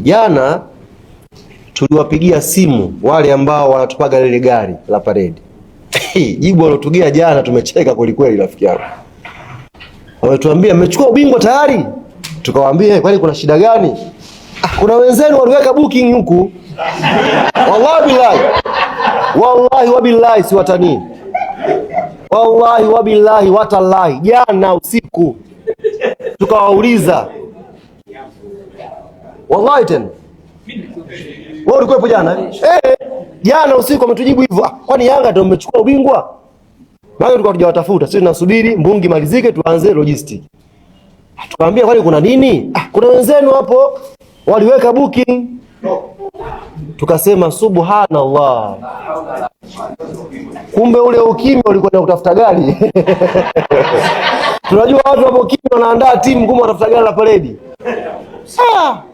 Jana tuliwapigia simu wale ambao wanatupaga lile gari la paredi jibu walotugia jana, tumecheka kwelikweli. Rafiki yangu wametuambia mmechukua ubingwa tayari, tukawaambia eh, kwani kuna shida gani? Ah, kuna wenzenu waliweka booking huku, wallahi billahi, wallahi wabillahi, si watani, wallahi wabillahi, watallahi. Jana usiku tukawauliza Wallahi tena wewe ulikuwa hapo jana eh? Jana usiku umetujibu hivyo. Kwani Yanga ndio mmechukua ubingwa? Bado tulikuwa tujawatafuta. Sisi tunasubiri mbungi malizike tuanze logistics. Tukaambia kwani kuna nini? Ah, kuna wenzenu hapo waliweka booking. Tukasema subhanallah. Kumbe ule ukimya ulikwenda kutafuta gari. Tunajua watu hapo kimya wanaandaa timu kumbe wanatafuta gari la paredi. Sawa.